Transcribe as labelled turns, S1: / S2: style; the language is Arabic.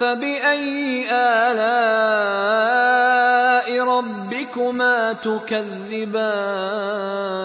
S1: فَبِأَيِّ آلَاءِ رَبِّكُمَا تُكَذِّبَانِ